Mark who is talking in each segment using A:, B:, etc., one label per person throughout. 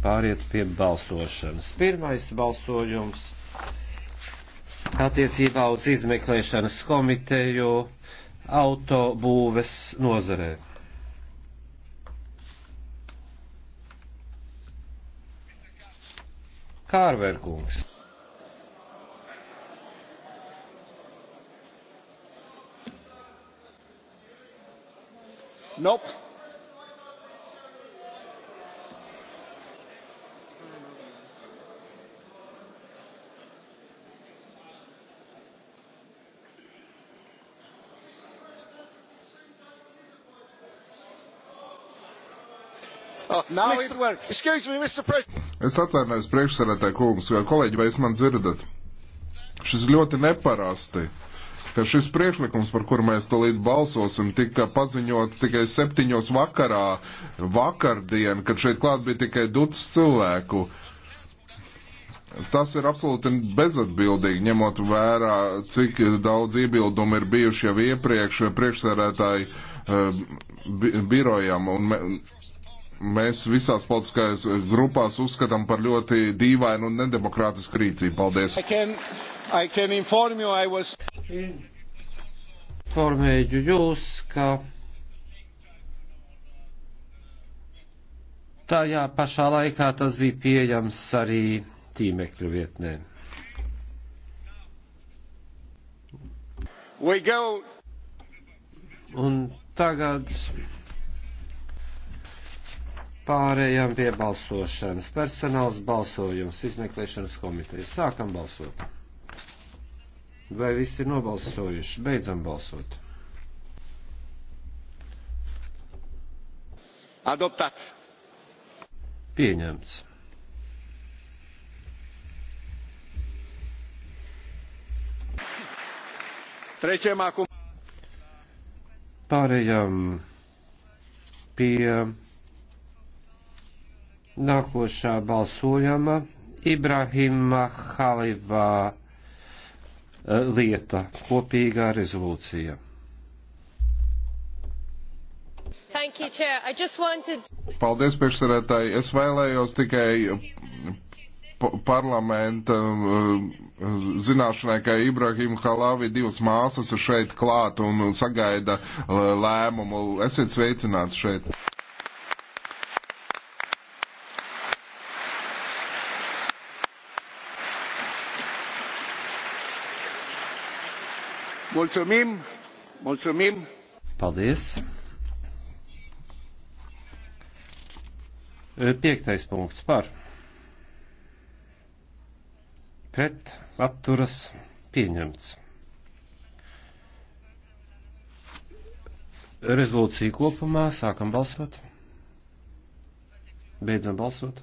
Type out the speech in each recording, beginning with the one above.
A: pāriet pie balsošanas. Pirmais balsojums attiecībā uz izmeklēšanas komiteju autobūves nozarē. Kārverkungs.
B: Nope. Es atvainojos priekšsarētāju kungs, kolēģi, vai jūs man dzirdat? Šis ļoti neparasti, ka šis priekšlikums, par kuru mēs to līdz balsosim, tika paziņots tikai septiņos vakarā, vakardien, kad šeit klāt bija tikai duts cilvēku. Tas ir absolūti bezatbildīgi, ņemot vērā, cik daudz iebildumu ir bijuši jau iepriekš priekšsēdētāji uh, bi birojam. Un mēs visās politiskajās grupās uzskatām par ļoti dīvainu un nedemokrātisku rīcību. Paldies! I can, I
A: can inform you, I was...
B: Informēju jūs, ka
A: tajā pašā laikā tas bija pieejams arī tīmekļu vietnē. Un tagad pārējām pie balsošanas. Personāls balsojums izmeklēšanas komiteja. Sākam balsot. Vai visi ir nobalsojuši? Beidzam balsot. Adoptāts. Pieņemts. Trečiem akum. Pārējām pie Nākošā balsojama Ibrahima Halivā eh,
B: lieta, kopīgā rezolūcija.
A: You, wanted...
B: Paldies, priekšsarētāji. Es vēlējos tikai parlamenta eh, zināšanai, ka Ibrahim Halāvi divas māsas ir šeit klāt un sagaida eh, lēmumu. Esiet sveicināti šeit.
A: Mulțumim! Mulțumim! Paldies! Piektais punkts par. Pret atturas pieņemts. Rezolūcija kopumā sākam balsot. Beidzam balsot.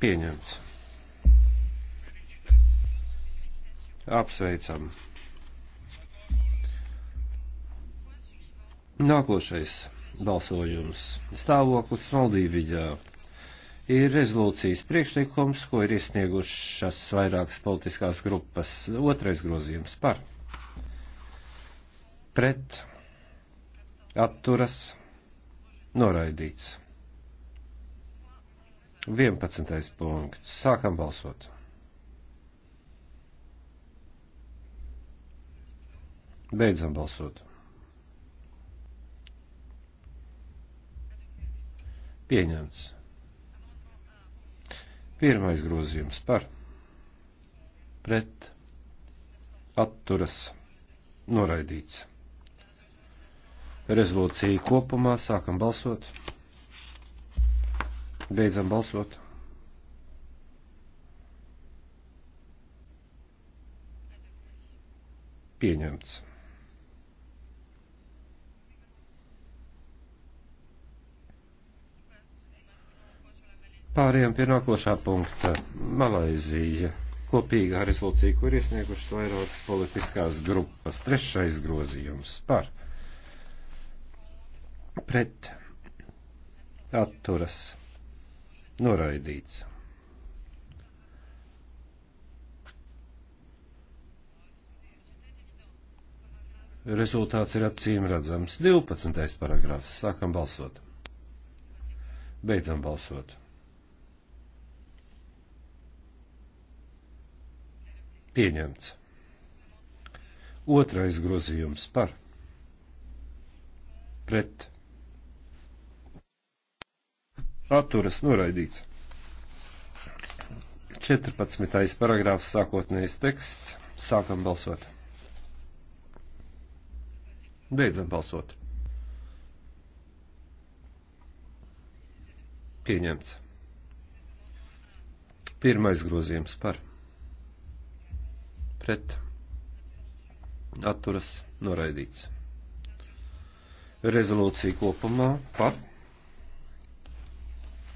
A: Pieņemts. Apsveicam. Nākošais balsojums - stāvoklis Maldīvijā. Ir rezolūcijas priekšlikums, ko ir iesniegušas vairākas politiskās grupas. Otrais grozījums par pret atturas noraidīts. 11. punkts. Sākam balsot. Beidzam balsot. Pieņemts. Pirmais grozījums par pret atturas noraidīts. Rezolūcija kopumā sākam balsot. Beidzam balsot. Pieņemts. Pāriem pie nākošā punkta - Malaizija. Kopīgā rezolūcija, kur iesniegušas vairākas politiskās grupas. Trešais grozījums par pret atturas noraidīts. Rezultāts ir acīm redzams. 12. paragrāfs. Sākam balsot. Beidzam balsot. Pieņemts. Otrais grozījums par pret atturas noraidīts. 14. paragrāfs sākotnējais teksts. Sākam balsot. Beidzam balsot. Pieņemts. Pirmais grozījums par pret atturas noraidīts. Rezolūcija kopumā par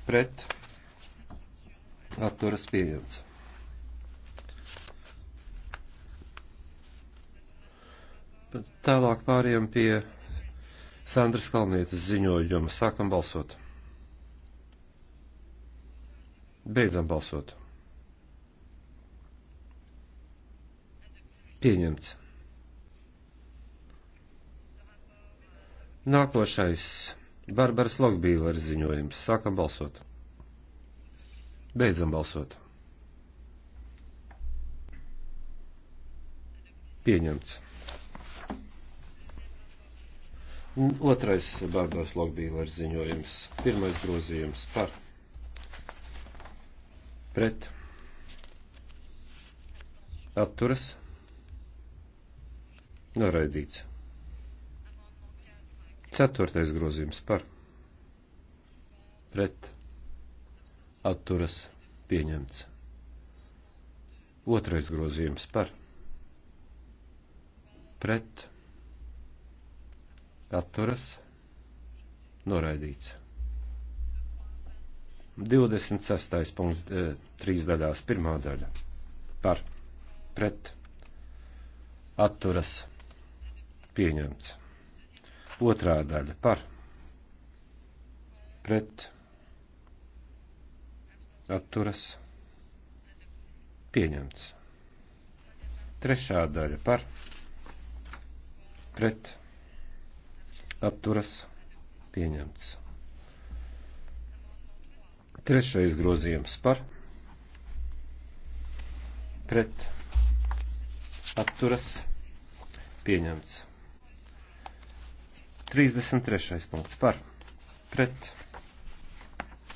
A: pret atturas pieņemts. Tālāk pāriem pie Sandras Kalnietes ziņojuma. Sākam balsot. Beidzam balsot. Pieņemts. Nākošais Barbaras Logbīleres ziņojums. Sākam balsot. Beidzam balsot. Pieņemts. Otrais Barbaras Logbīleres ziņojums. Pirmais grozījums par pret atturas. Noraidīts. Ceturtais grozījums par. Pret. Atturas. Pieņemts. Otrais grozījums par. Pret. Atturas. Noraidīts. 26. punkts, e, trīs daļās, pirmā daļa par, pret, atturas, Pieņemts. Otrā daļa par. Pret. Atturas. Pieņemts. Trešā daļa par. Pret. Atturas. Pieņemts. Trešais grozījums par pret apturas pieņemts. 33. punkts par pret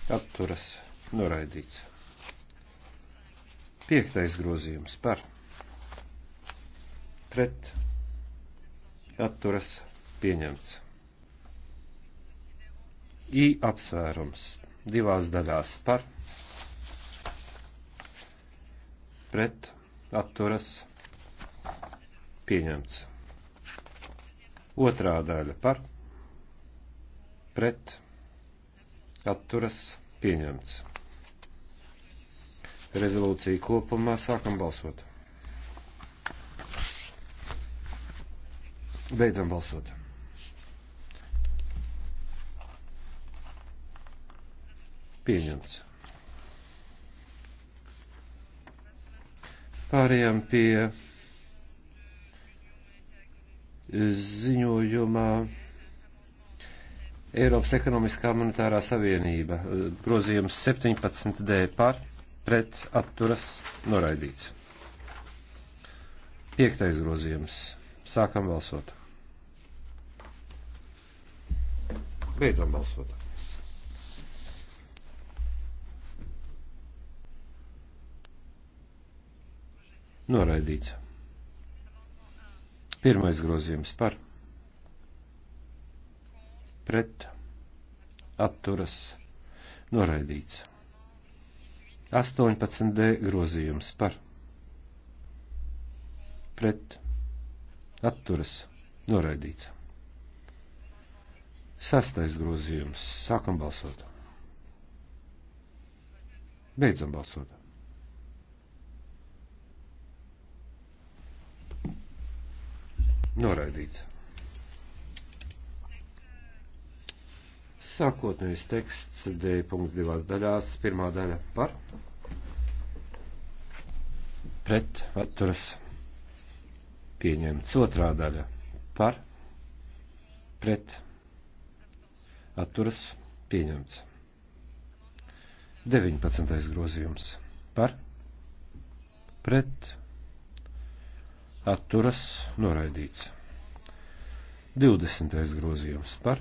A: apturas noraidīts. 5. grozījums par pret apturas pieņemts. I apsvērums divās daļās par pret apturas pieņemts. Otrā daļa par pret atturas pieņemts. Rezolūcija kopumā sākam balsot. Beidzam balsot. Pieņemts. Pārējām pie ziņojumā Eiropas ekonomiskā monetārā savienība grozījums 17D par pret atturas noraidīts. Piektais grozījums. Sākam balsot. Beidzam balsot. Noraidīts. Pirmais grozījums par pret atturas noraidīts. 18D grozījums par pret atturas noraidīts. Sastais grozījums. Sākam balsot. Beidzam balsot. Noraidīts. Sākotnējais teksts D.2 daļās, pirmā daļa par pret atturas pieņemts, otrā daļa par pret atturas pieņemts. 19. grozījums par pret atturas noraidīts. 20. grozījums par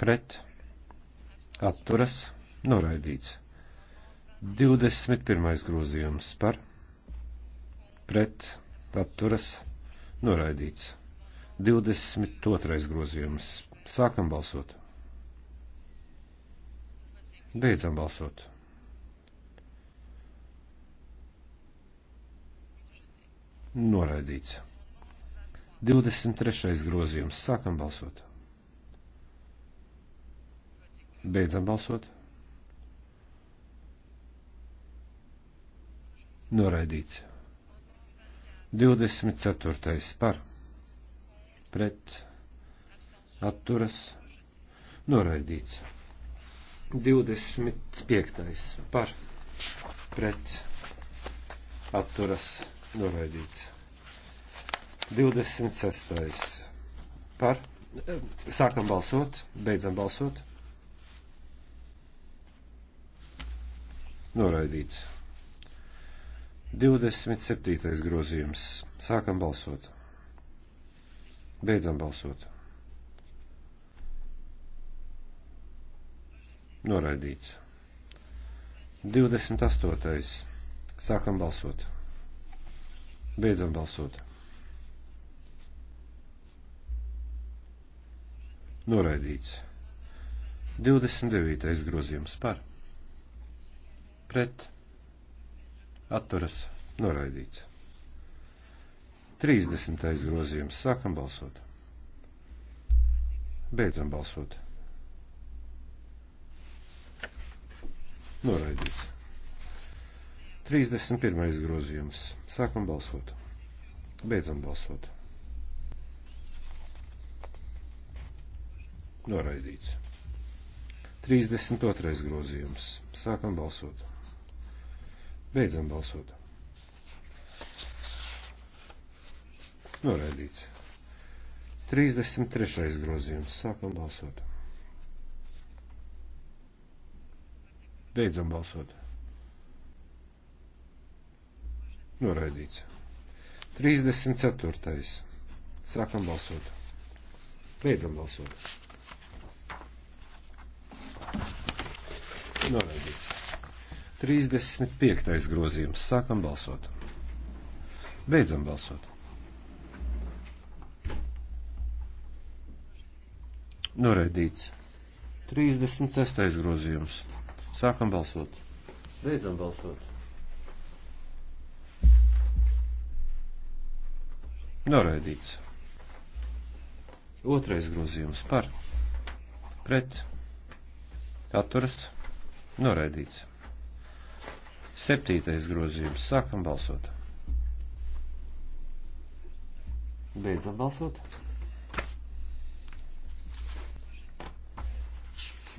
A: pret atturas noraidīts. 21. grozījums par pret atturas noraidīts. 22. grozījums. Sākam balsot. Beidzam balsot. Noraidīts. 23. grozījums. Sākam balsot. Beidzam balsot. Noraidīts. 24. par. Pret. Atturas. Noraidīts. 25. par. Pret. Atturas noraidīts. 26. par. Sākam balsot, beidzam balsot. Noraidīts. 27. grozījums. Sākam balsot. Beidzam balsot. Noraidīts. 28. Sākam balsot. Beidzam balsot. Noraidīts. 29. grozījums par. Pret. Atturas. Noraidīts. 30. grozījums. Sākam balsot. Beidzam balsot. Noraidīts. 31. grozījums. Sākam balsot. Beidzam balsot. Noraidīts. 32. grozījums. Sākam balsot. Beidzam balsot. Noraidīts. 33. grozījums. Sākam balsot. Beidzam balsot. Noraidīts. 34. Sākam balsot. Beidzam balsot. Noraidīts. 35. grozījums. Sākam balsot. Beidzam balsot. Noraidīts. 36. grozījums. Sākam balsot. Beidzam balsot. Noraidīts. Otrais grozījums par. Pret. Atturas. Noraidīts. Septītais grozījums. Sākam balsot. Beidzam balsot.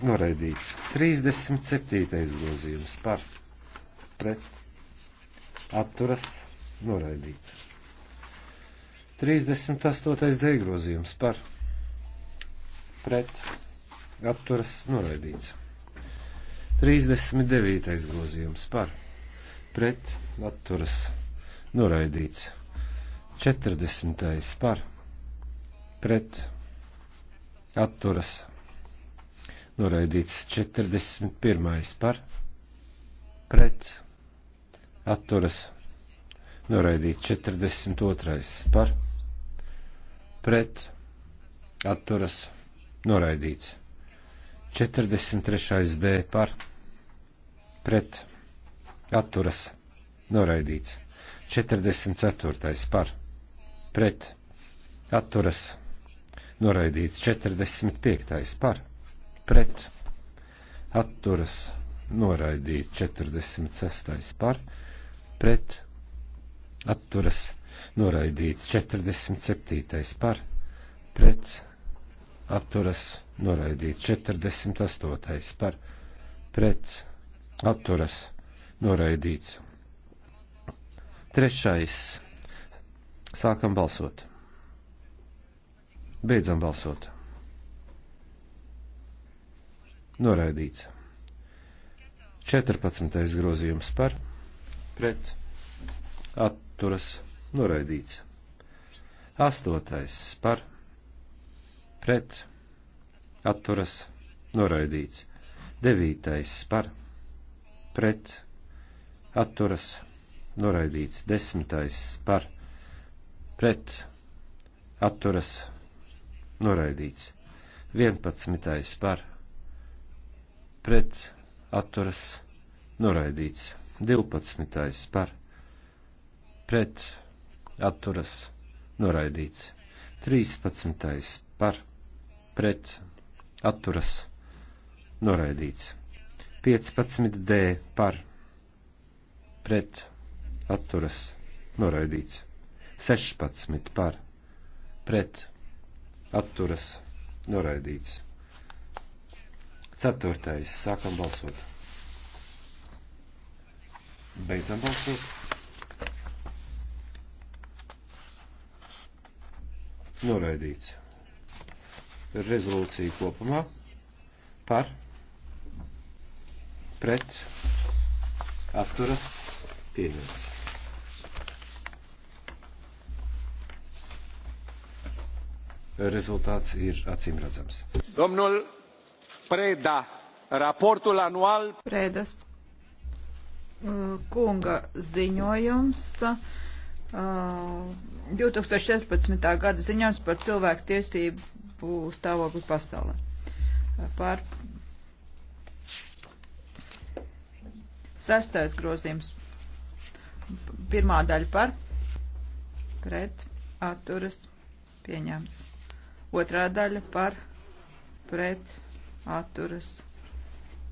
A: Noraidīts. 37. grozījums par pret atturas noraidīts. 38. degrozījums par pret apturas noraidīts. 39. grozījums par pret apturas noraidīts. 40. par pret apturas noraidīts. 41. par pret apturas noraidīts. 42. par pret pret atturas noraidīts. 43. D par pret atturas noraidīts. 44. par pret atturas noraidīts. 45. par pret atturas noraidīts. 46. par pret atturas noraidīts noraidīts 47. par pret atturas noraidīts 48. par pret atturas noraidīts. Trešais. Sākam balsot. Beidzam balsot. Noraidīts. 14. grozījums par pret atturas noraidīts. Astotais par, pret, atturas, noraidīts. Devītais par, pret, atturas, noraidīts. Desmitais par, pret, atturas, noraidīts. Vienpadsmitais par, pret, atturas, noraidīts. Divpadsmitais par, pret, atturas, noraidīts pret atturas noraidīts. 13. par pret atturas noraidīts. 15. d par pret atturas noraidīts. 16. par pret atturas noraidīts. 4. sākam balsot. Beidzam balsot. noraidīts. Rezolūcija kopumā par, pret, atturas, pieņemts. Rezultāts ir acīmredzams. Domnul Preda, raportul anual.
C: Predas uh, kunga ziņojums. 2014. Uh, gada ziņās par cilvēku tiesību stāvokli pasaulē. Uh, par sestais grozījums. Pirmā daļa par pret atturas pieņemts. Otrā daļa par pret atturas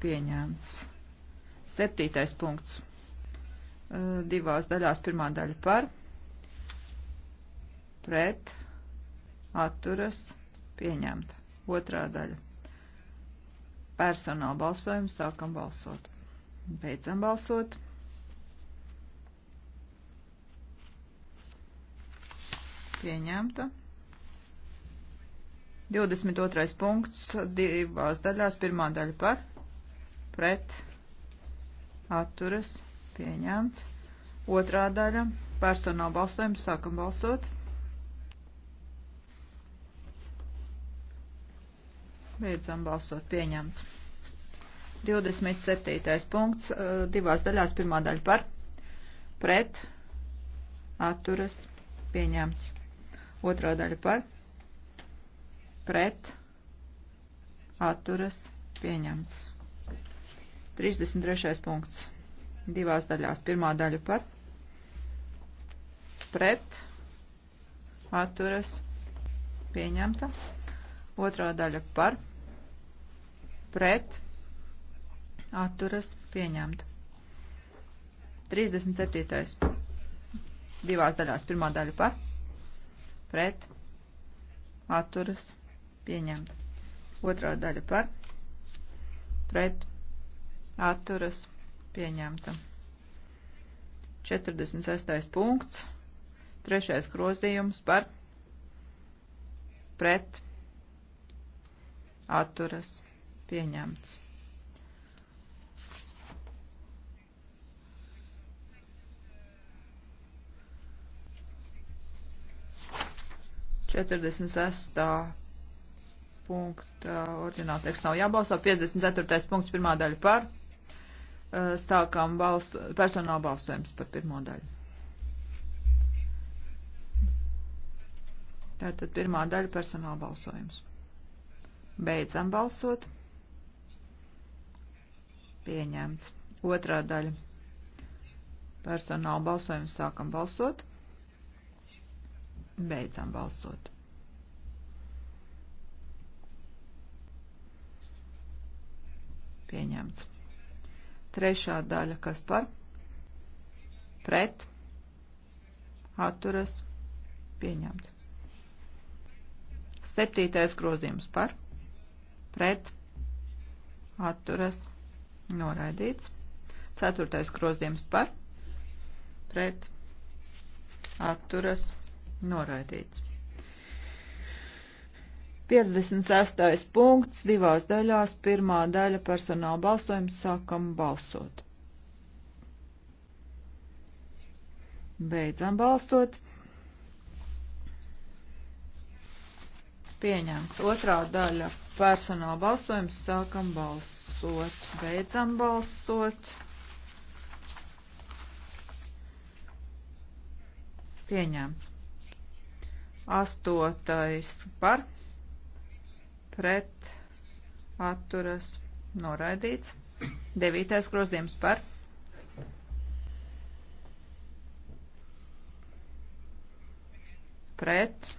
C: pieņemts. Septītais punkts. Uh, divās daļās pirmā daļa par pret pret, atturas, pieņemta. Otrā daļa. Personāla balsojumu sākam balsot. Beidzam balsot. Pieņemta. 22. punkts divās daļās. Pirmā daļa par, pret, atturas, pieņemta. Otrā daļa personāla balsojumu sākam balsot. Beidzam balsot pieņemts. 27. punkts uh, divās daļās. Pirmā daļa par, pret, atturas, pieņemts. Otrā daļa par, pret, atturas, pieņemts. 33. punkts divās daļās. Pirmā daļa par, pret, atturas, pieņemta. Otrā daļa par, pret, atturas pieņemta. 37. divās daļās. Pirmā daļa par, pret, atturas pieņemta. Otrā daļa par, pret, atturas pieņemta. 46. punkts, trešais grozījums par pret atturas pieņemts. Četrdesmit sestā punkta oriģināla teksta nav jābalso. 54. punkts pirmā daļa par. Uh, sākām balso, personāla balsojums par pirmo daļu. Tātad pirmā daļa personāla balsojums. Beidzam balsot. Pieņemts. Otrā daļa. Personāla balsojumu sākam balsot. Beidzam balsot. Pieņemts. Trešā daļa, kas par? Pret. Atturas. Pieņemts. Septītais grozījums par pret atturas noraidīts. Ceturtais grozījums par pret atturas noraidīts. 56. punkts divās daļās. Pirmā daļa personāla balsojums sākam balsot. Beidzam balsot. pieņemts. Otrā daļa personāla balsojums. Sākam balsot. Beidzam balsot. Pieņemts. Astotais par pret atturas noraidīts. Devītais grozījums par pret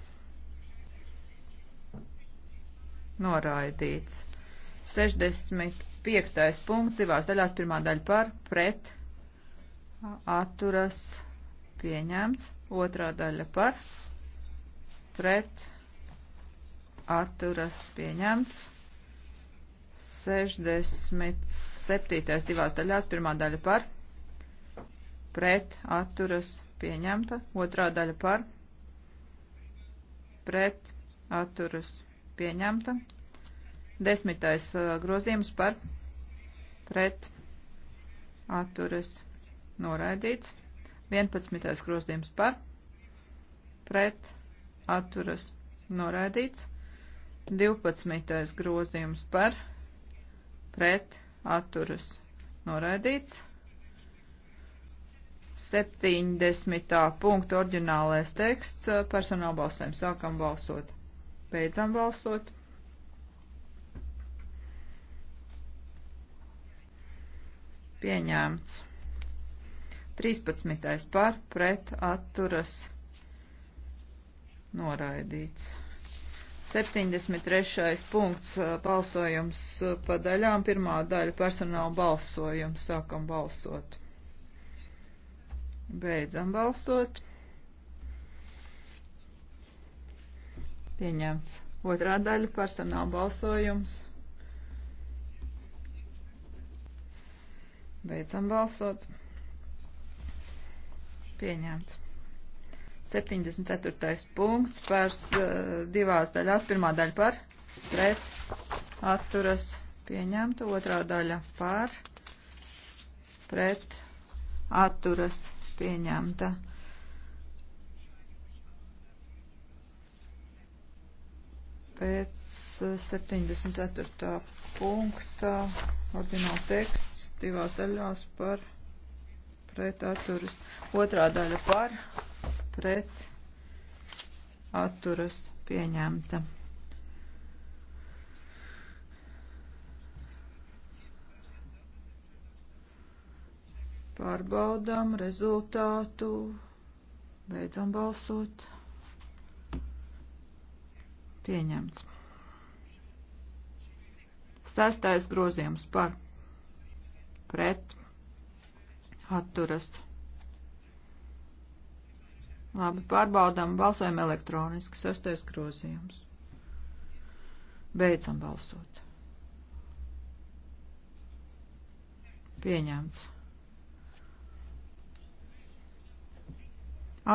C: noraidīts. 65. punkts divās daļās, pirmā daļa par, pret, atturas, pieņemts, otrā daļa par, pret, atturas, pieņemts, 67. divās daļās, pirmā daļa par, pret, atturas, pieņemta, otrā daļa par, pret, atturas, pieņemta pieņemta. Desmitais uh, grozījums par pret atturas noraidīts. Vienpadsmitais grozījums par pret atturas noraidīts. Divpadsmitais grozījums par pret atturas noraidīts. 70. punktu orģinālais teksts uh, personāla balsojums. Sākam balsot. Beidzam balsot. Pieņēmts. 13. par pret atturas noraidīts. 73. punkts balsojums pa daļām. Pirmā daļa personāla balsojums. Sākam balsot. Beidzam balsot. Pieņemts. Otrā daļa personāla balsojums. Beidzam balsot. Pieņemts. 74. punkts pērs divās daļās. Pirmā daļa par, pret, atturas, pieņemta. Otrā daļa par, pret, atturas, pieņemta. Pēc 74. Eh, punkta ordināla teksts divās daļās par pret atturas. Otrā daļa par pret atturas pieņemta. Pārbaudām rezultātu, beidzam balsot. Pieņemts. Sestais grozījums par pret atturas. Labi, pārbaudām, balsojam elektroniski. Sestais grozījums. Beidzam balsot. Pieņemts.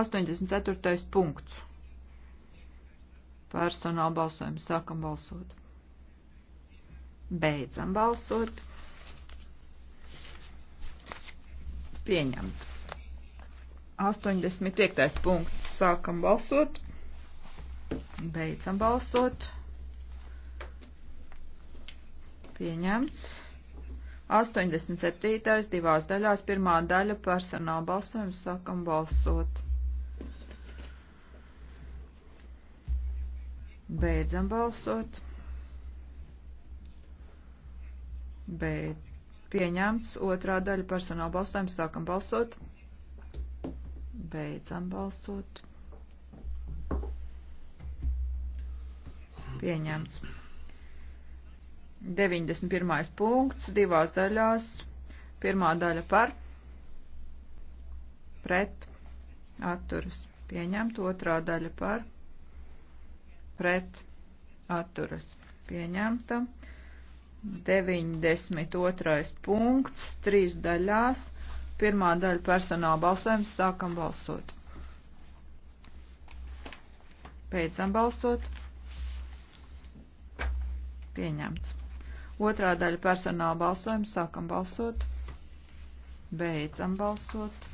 C: 84. punkts personāla balsojumu. Sākam balsot. Beidzam balsot. Pieņemts. 85. punkts. Sākam balsot. Beidzam balsot. Pieņemts. 87. divās daļās. Pirmā daļa personāla balsojums. Sākam balsot. Beidzam balsot. Beid. Pieņemts otrā daļa personāla balsojuma. Sākam balsot. Beidzam balsot. Pieņemts. 91. punkts divās daļās. Pirmā daļa par, pret, atturas. Pieņemt otrā daļa par, pret pret atturas pieņemta. 92. punkts, trīs daļās. Pirmā daļa personāla balsojums, sākam balsot. Beidzam balsot. Pieņemts. Otrā daļa personāla balsojums, sākam balsot. Beidzam balsot.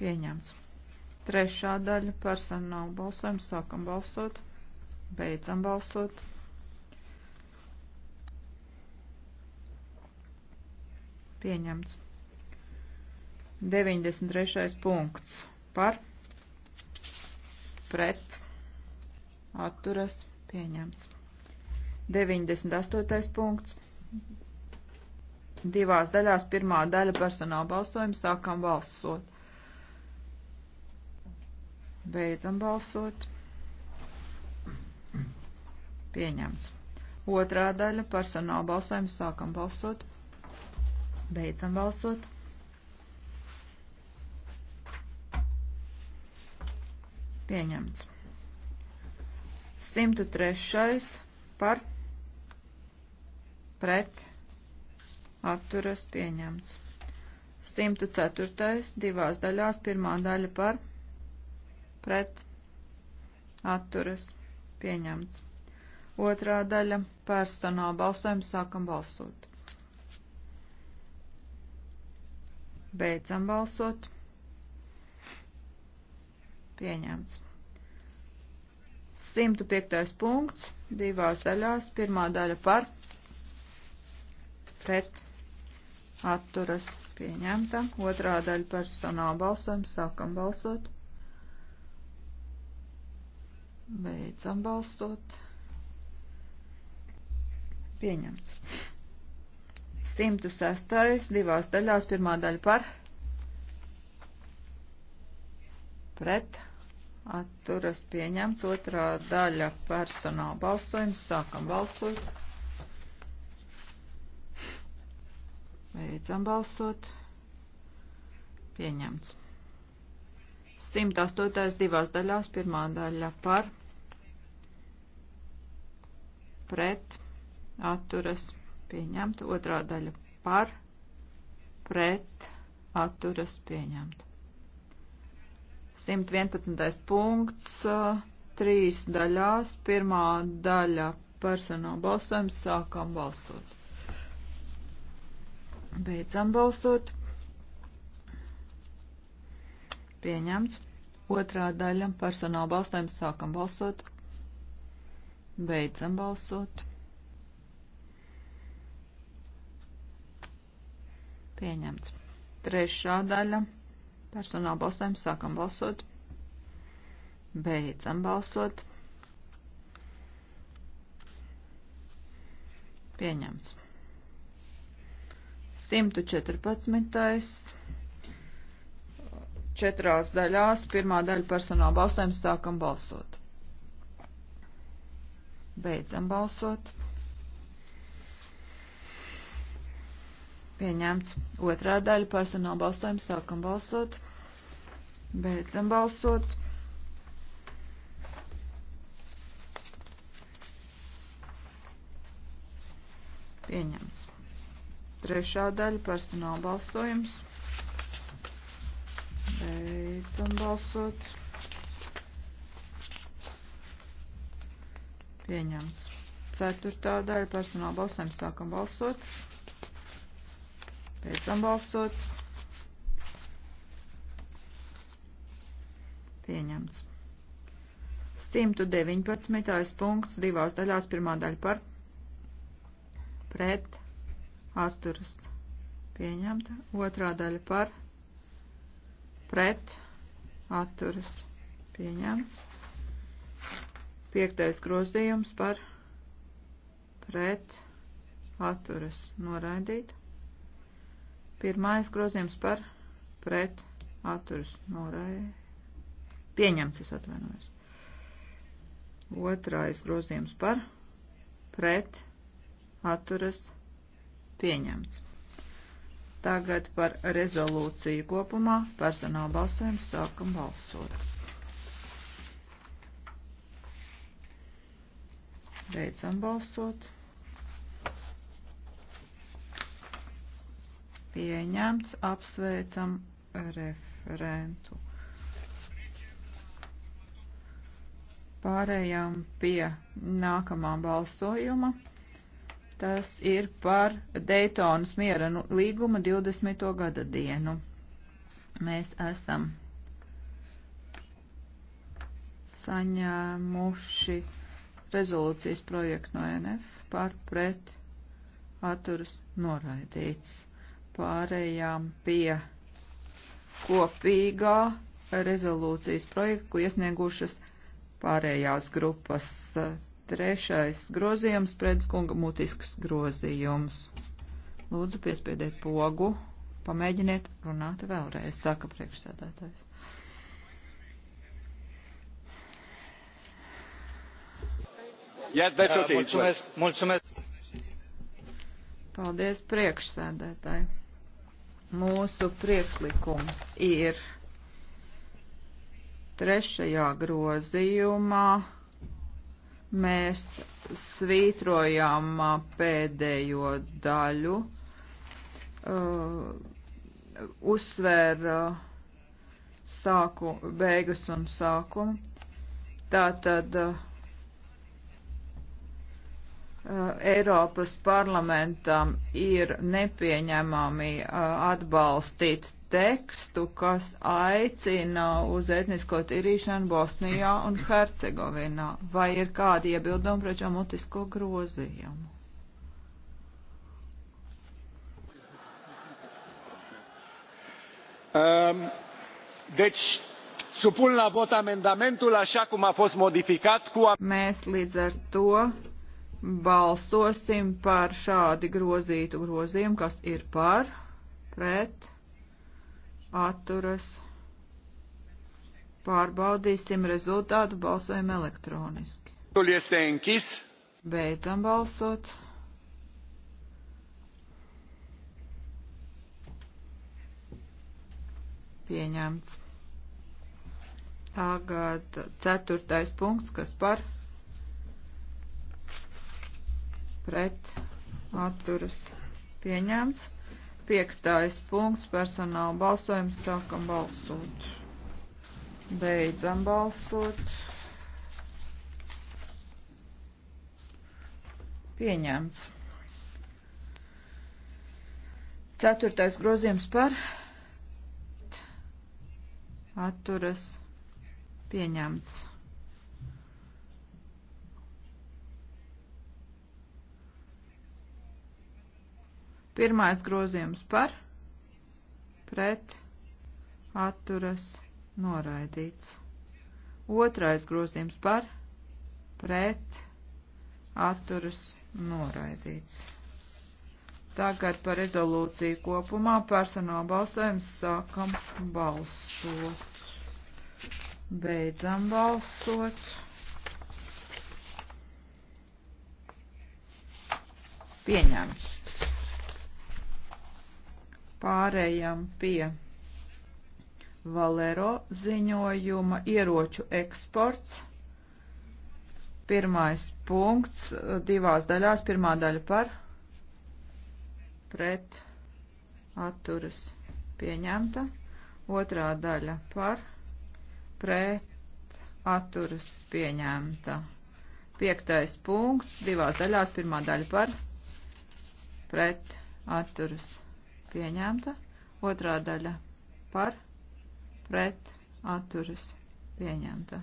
C: Pieņemts. Trešā daļa personāla balsojuma. Sākam balsot. Beidzam balsot. Pieņemts. 93. punkts. Par. Pret. Atturas. Pieņemts. 98. punkts. Divās daļās pirmā daļa personāla balsojuma. Sākam balsot. Beidzam balsot. Pieņemts. Otrā daļa personāla balsojums. Sākam balsot. Beidzam balsot. Pieņemts. 103. par pret atturas pieņemts. 104. divās daļās pirmā daļa par pret pret atturas pieņemts. Otrā daļa personāla balsojuma sākam balsot. Beidzam balsot. Pieņemts. 105. punkts divās daļās. Pirmā daļa par pret atturas pieņemta. Otrā daļa personāla balsojuma sākam balsot. Beidzam balsot. Pieņemts. 106. divās daļās pirmā daļa par pret atturas pieņemts otrā daļa personāla balsojums. Sākam balsot. Beidzam balsot. Pieņemts. 108. divās daļās pirmā daļa par pret pret, atturas, pieņemta. Otrā daļa par, pret, atturas, pieņemta. 111. punkts, trīs daļās. Pirmā daļa personāla balsojums, sākam balsot. Beidzam balsot. Pieņemts. Otrā daļa personāla balsojums, sākam balsot. Beidzam balsot. Pieņemts. Trešā daļa. Personāla balsojums. Sākam balsot. Beidzam balsot. Pieņemts. 114. Četrās daļās. Pirmā daļa personāla balsojums. Sākam balsot. Beidzam balsot. Pieņemts. Otrā daļa personāla balsojuma. Sākam balsot. Beidzam balsot. Pieņemts. Trešā daļa personāla balsojums. Beidzam balsot. Pieņemts. Ceturtā daļa personāla balsojums sākam balsot. Beidzam balsot. Pieņemts. 119. punkts divās daļās. Pirmā daļa par pret atturas. Pieņemta. Otrā daļa par pret atturas. Pieņemts. Piektais grozījums par pret atturas noraidīt. Pirmais grozījums par pret atturas noraidīt. Pieņemts, es atvainojos. Otrais grozījums par pret atturas pieņemts. Tagad par rezolūciju kopumā personāla balsojumu sākam balsot. Beidzam balsot. Pieņemts, apsveicam referentu. Pārējām pie nākamā balsojuma. Tas ir par Daytonas miera nu, līguma 20. gada dienu. Mēs esam saņēmuši rezolūcijas projektu no NF par pret atturas noraidīts. Pārējām pie kopīgā rezolūcijas projektu, ko iesniegušas pārējās grupas. Trešais grozījums, pretskunga mutisks grozījums. Lūdzu, piespiediet pogu, pamēģiniet runāt vēlreiz, saka priekšsēdētājs.
A: Yeah, that's okay. Mulțumesc.
C: Mulțumesc. Paldies priekšsēdētāji. Mūsu priekšlikums ir trešajā grozījumā mēs svītrojām pēdējo daļu, uh, uzsver uh, sāku, beigas un sākumu. Tātad uh, Eh, Eiropas parlamentam ir nepieņemami eh, atbalstīt tekstu, kas aicina uz etnisko tīrīšanu Bosnijā un Hercegovinā. Vai ir kādi iebildumi pret šo mutisko grozījumu? Um, deci, supun la vot amendamentul așa cum a fost modificat cu... Mēs līdz ar to balsosim par šādi grozītu grozījumu, kas ir par, pret, atturas. Pārbaudīsim rezultātu, balsojam elektroniski. Beidzam balsot. Pieņemts. Tagad ceturtais punkts, kas par pret atturas pieņemts. Piektais punkts personāla balsojums sākam balsot. Beidzam balsot. Pieņemts. Ceturtais grozījums par atturas pieņemts. Pirmais grozījums par, pret, atturas, noraidīts. Otrais grozījums par, pret, atturas, noraidīts. Tagad par rezolūciju kopumā personāla balsojums sākam balsot. Beidzam balsot. Pieņemts. Pārējām pie Valero ziņojuma ieroču eksports. Pirmais punkts divās daļās. Pirmā daļa par pret atturas pieņemta. Otrā daļa par pret atturas pieņemta. Piektais punkts divās daļās. Pirmā daļa par pret atturas pieņemta pieņemta, otrā daļa par, pret, atturas, pieņemta.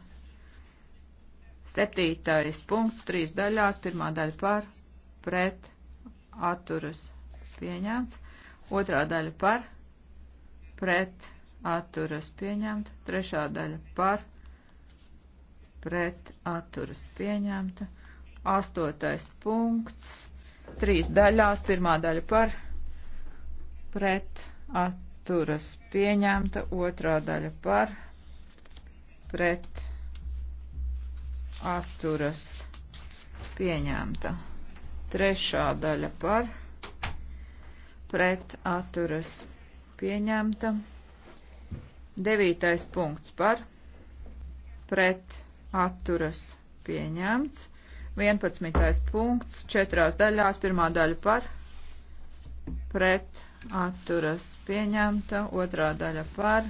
C: Septītais punkts, trīs daļās, pirmā daļa par, pret, atturas, pieņemta, otrā daļa par, pret, atturas, pieņemta, trešā daļa par, pret, atturas, pieņemta, astotais punkts, trīs daļās, pirmā daļa par, pret, pret atturas pieņemta, otrā daļa par pret atturas pieņemta, trešā daļa par pret atturas pieņemta, devītais punkts par pret atturas pieņemts, vienpadsmitais punkts četrās daļās, pirmā daļa par pret atturas pieņemta, otrā daļa par,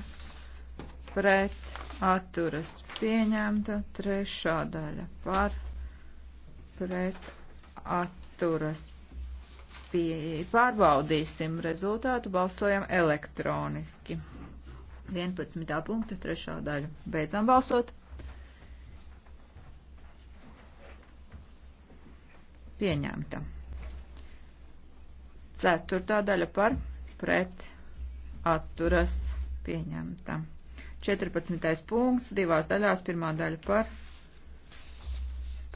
C: pret atturas pieņemta, trešā daļa par, pret atturas pie... pārbaudīsim rezultātu, balsojam elektroniski. 11. punkta, trešā daļa. Beidzam balsot. Pieņemta. Ceturtā daļa par pret atturas pieņemta. 14. punkts divās daļās. Pirmā daļa par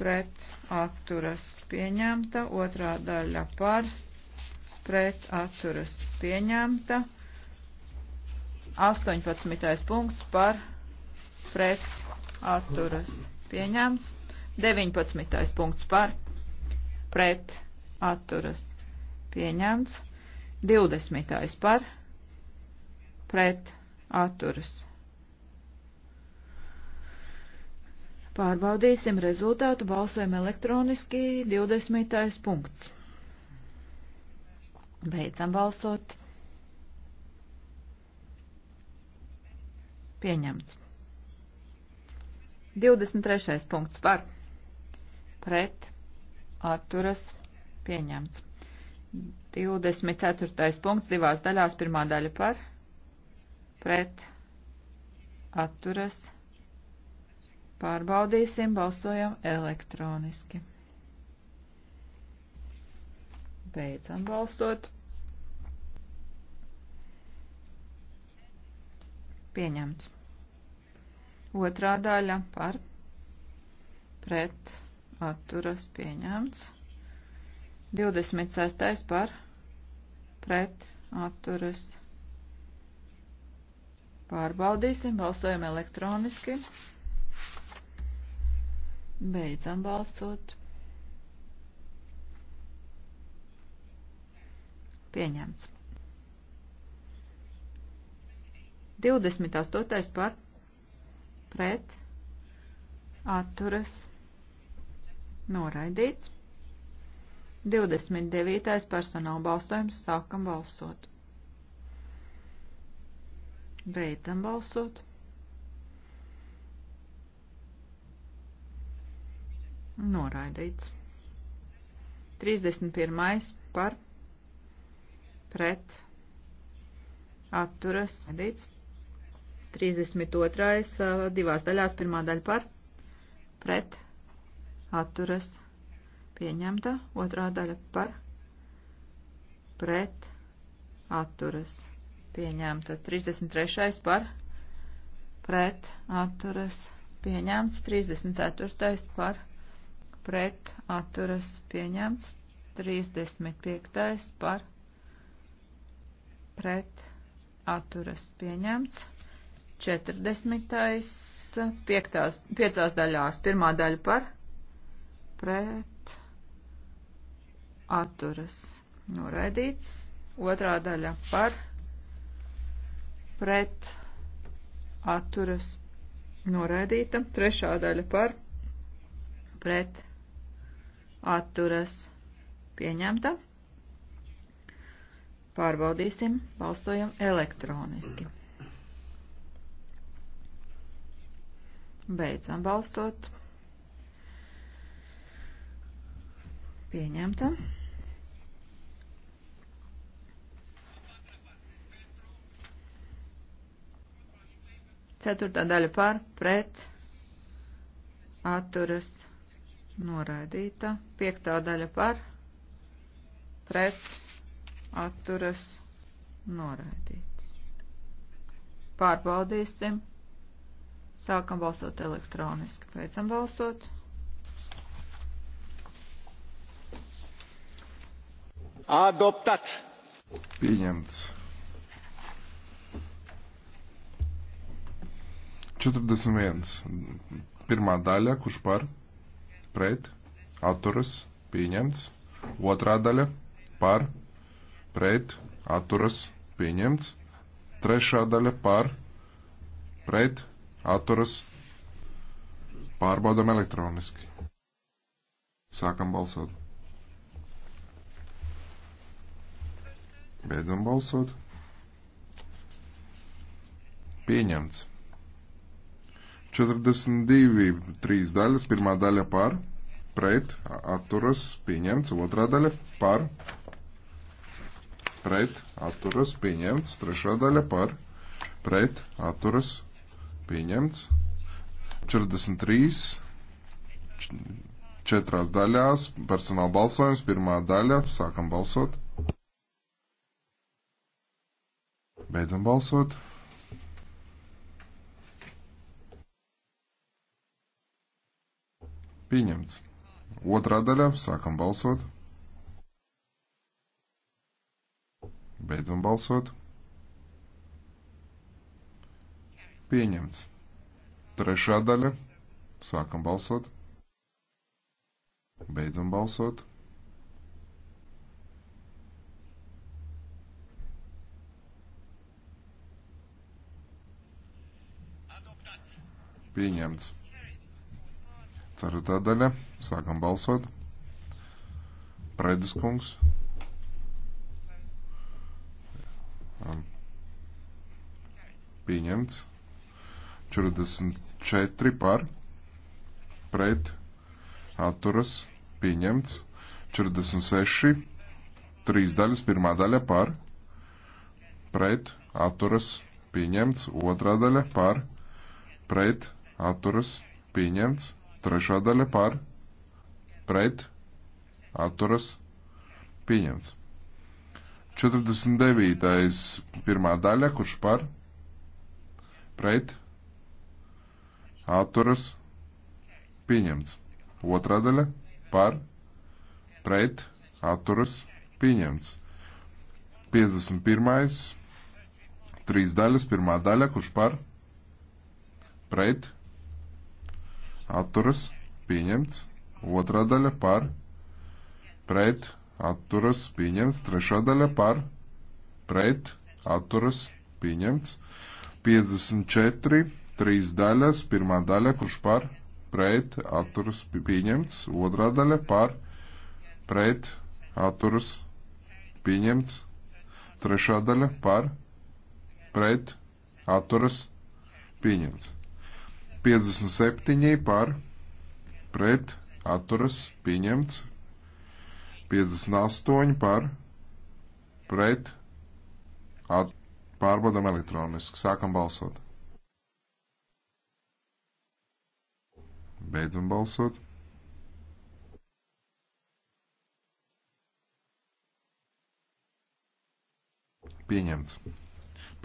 C: pret atturas pieņemta. Otrā daļa par pret atturas pieņemta. 18. punkts par pret atturas pieņemts. 19. punkts par pret atturas pieņemta pieņemts. 20. par pret atturas. Pārbaudīsim rezultātu, balsojam elektroniski 20. punkts. Beidzam balsot. Pieņemts. 23. punkts par pret atturas pieņemts. 24. punkts divās daļās. Pirmā daļa par, pret, atturas. Pārbaudīsim, balsojam elektroniski. Beidzam balsot. Pieņemts. Otrā daļa par pret atturas pieņemts. 26. par pret atturas. Pārbaudīsim, balsojam elektroniski. Beidzam balsot. Pieņemts. 28. par pret atturas noraidīts. 29. personāla balsojums. Sākam balsot. Beidzam balsot. Noraidīts. 31. par pret atturas. Noraidīts. 32. divās daļās. Pirmā daļa par pret atturas pieņemta, otrā daļa par pret atturas pieņemta, 33. par pret atturas pieņemts, 34. par pret atturas pieņemts, 35. par pret atturas pieņemts, 40. 5. 5. daļās, pirmā daļa par pret atturas noraidīts. Otrā daļa par pret atturas noraidīta. Trešā daļa par pret atturas pieņemta. Pārbaudīsim, balstojam elektroniski. Beidzam balstot. Pieņemta. Ceturtā daļa par pret atturas noraidīta. Piektā daļa par pret atturas noraidīta. Pārbaudīsim. Sākam balsot elektroniski, beidzam balsot.
A: Adoptat.
B: Pieņemts. 41. Pirmā daļa, kurš par, pret, atturas, pieņemts. Otrā daļa, par, pret, atturas, pieņemts. Trešā daļa, par, pret, atturas, pārbaudam elektroniski. Sākam balsot. Beidzam balsot. Pieņemts. 42, trīs daļas, pirmā daļa par, pret, atturas, pieņemts, otrā daļa par, pret, atturas, pieņemts, trešā daļa par, pret, atturas, pieņemts, 43, četrās daļās, personāla balsojums, pirmā daļa, sākam balsot, beidzam balsot. Pieņemts. Otrā daļa. Sākam balsot. Beidzam balsot. Pieņemts. Trešā daļa. Sākam balsot. Beidzam balsot. Pieņemts. Ceturtā daļa. Sākam balsot. Predes kungs. Pieņemts. 44 par. Pret. Atturas. Pieņemts. 46. Trīs daļas. Pirmā daļa par. Pret. Atturas. Pieņemts. Otrā daļa par. Pret. Atturas. Pieņemts Trešā daļa par, pret, atturas, pieņemts. 49. pirmā daļa, kurš par, pret, atturas, pieņemts. Otrā daļa par, pret, atturas, pieņemts. 51. trīs daļas, pirmā daļa, kurš par, pret, atturas pieņemts. Otrā daļa par pret atturas pieņemts. Trešā daļa par pret atturas pieņemts. 54 trīs daļas. Pirmā daļa kurš par pret atturas pieņemts. Otrā daļa par pret atturas pieņemts. Trešā daļa par pret atturas pieņemts. 57 par pret atturas pieņemts. 58 par pret at, pārbaudam elektroniski. Sākam balsot. Beidzam balsot. Pieņemts.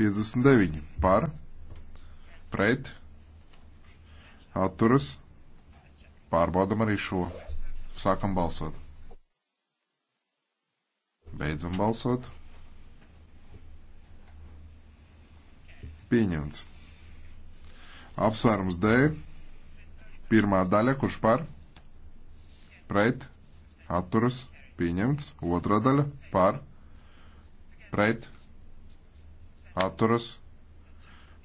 B: 59 par pret atturas. Pārbaudam arī šo. Sākam balsot. Beidzam balsot. Pieņemts. Apsvērums D. Pirmā daļa, kurš par? Pret. Atturas. Pieņemts. Otra daļa par. Pret. Atturas.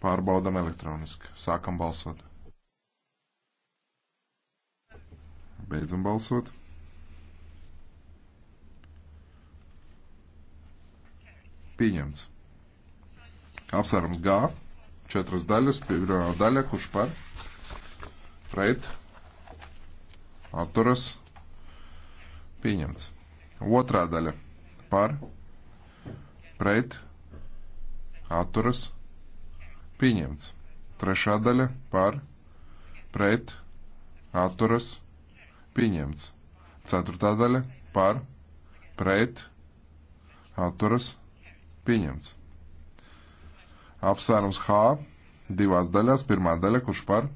B: Pārbaudam elektroniski. Sākam balsot. Beidzam balsot. Pieņemts. Apsvērums G. Četras daļas. Pirmā daļa, kurš par? Pret. Atturas. Pieņemts. Otrā daļa. Par. Pret. Atturas. Pieņemts. Trešā daļa. Par. Pret. Atturas. Pieņemts Pieņemts. Ceturtā daļa par, pret, atturas, pieņemts. Apsvērums H divās daļās. Pirmā daļa, kurš par,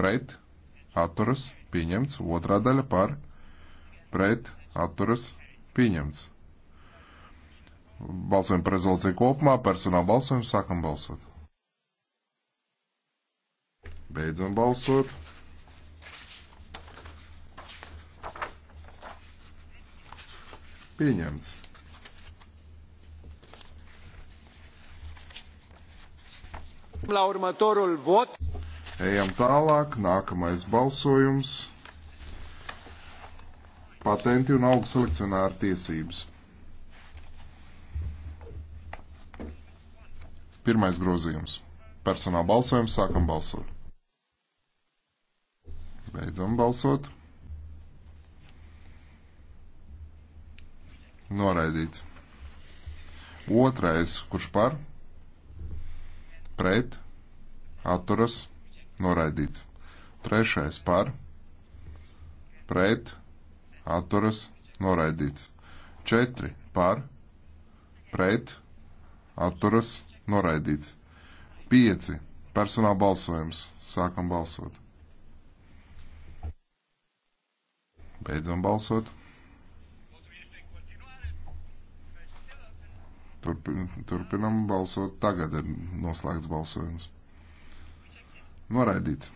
B: pret, atturas, pieņemts. Otrā daļa par, pret, atturas, pieņemts. Balsojam par rezolūciju kopumā, personāla balsojumu, sākam balsot. Beidzam balsot. Pieņemts.
A: La următorul vot.
B: Ejam tālāk, nākamais balsojums. Patenti un augu selekcionāra tiesības. Pirmais grozījums. Personāla balsojums, sākam balsot. Beidzam balsot. Noraidīts. Otrais, kurš par, pret, atturas, noraidīts. Trešais par, pret, atturas, noraidīts. Četri par, pret, atturas, noraidīts. Pieci, personāla balsojums, sākam balsot. Beidzam balsot. Turpinam balsot. Tagad ir noslēgts balsojums. Noraidīts.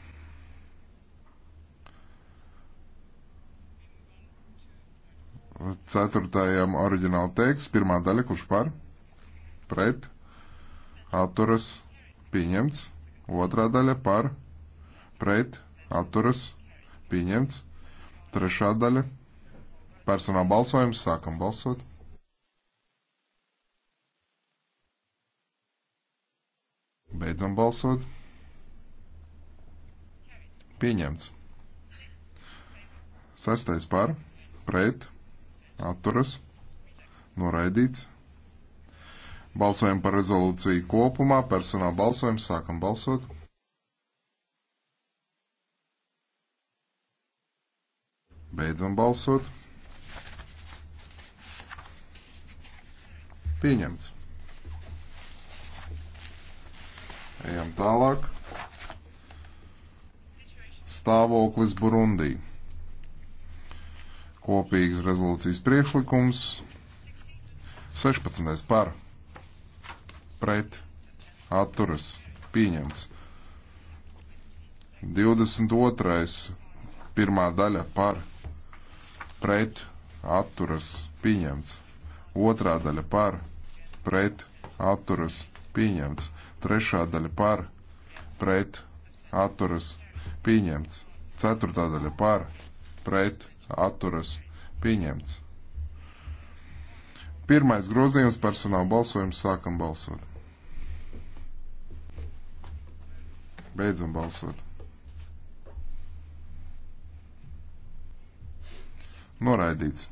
B: Ceturtajam oriģināla teksts, pirmā daļa, kurš par, pret, atturas, pieņemts, otrā daļa par, pret, atturas, pieņemts, trešā daļa, personāla balsojums, sākam balsot. Beidzam balsot. Pieņemts. Sestais par, pret, atturas, noraidīts. Balsojam par rezolūciju kopumā, personāla balsojumu, sākam balsot. Beidzam balsot. Pieņemts. Ejam tālāk. Stāvoklis Burundī. Kopīgas rezolūcijas priekšlikums. 16. par. Pret. Atturas. Pieņemts. 22. pirmā daļa par. Pret. Atturas. Pieņemts. Otrā daļa par. Pret. Atturas. Pieņemts. Trešā daļa par, pret, atturas, pieņemts. Ceturtā daļa par, pret, atturas, pieņemts. Pirmais grozījums personāla balsojums sākam balsot. Beidzam balsot. Noraidīts.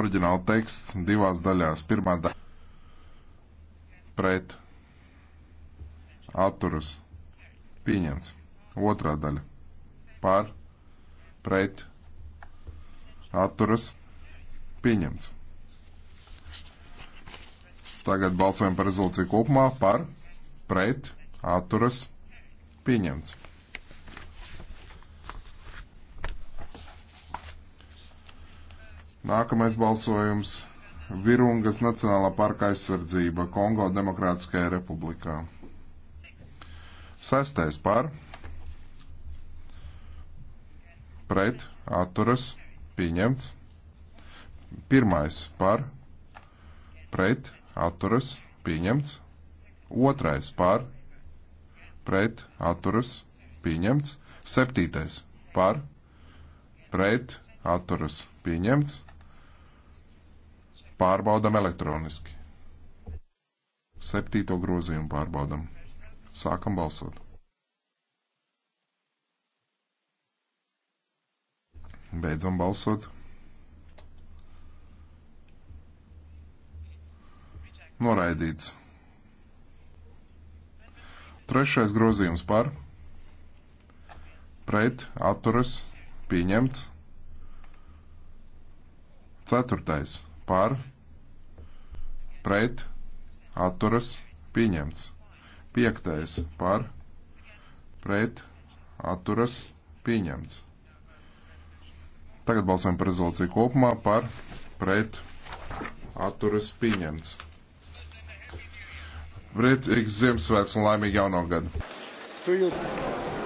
B: Oriģināla teksts divās daļās. Pirmā daļa pret atturas pieņemts. Otrā daļa par pret atturas pieņemts. Tagad balsojam par rezolūciju kopumā par pret atturas pieņemts. Nākamais balsojums Virungas Nacionālā parka aizsardzība Kongo Demokrātiskajā republikā. Sestais par. Pret. Atturas. Pieņemts. Pirmais par. Pret. Atturas. Pieņemts. Otrais par. Pret. Atturas. Pieņemts. Septītais par. Pret. Atturas. Pieņemts. Pārbaudam elektroniski. Septīto grozījumu pārbaudam. Sākam balsot. Beidzam balsot. Noraidīts. Trešais grozījums par pret atturas pieņemts. Ceturtais par, pret, atturas, pieņemts. Piektais par, pret, atturas, pieņemts. Tagad balsojam par rezolūciju kopumā par, pret, atturas, pieņemts. Priecīgs Ziemassvētks un laimīgi jauno gadu!
A: To you.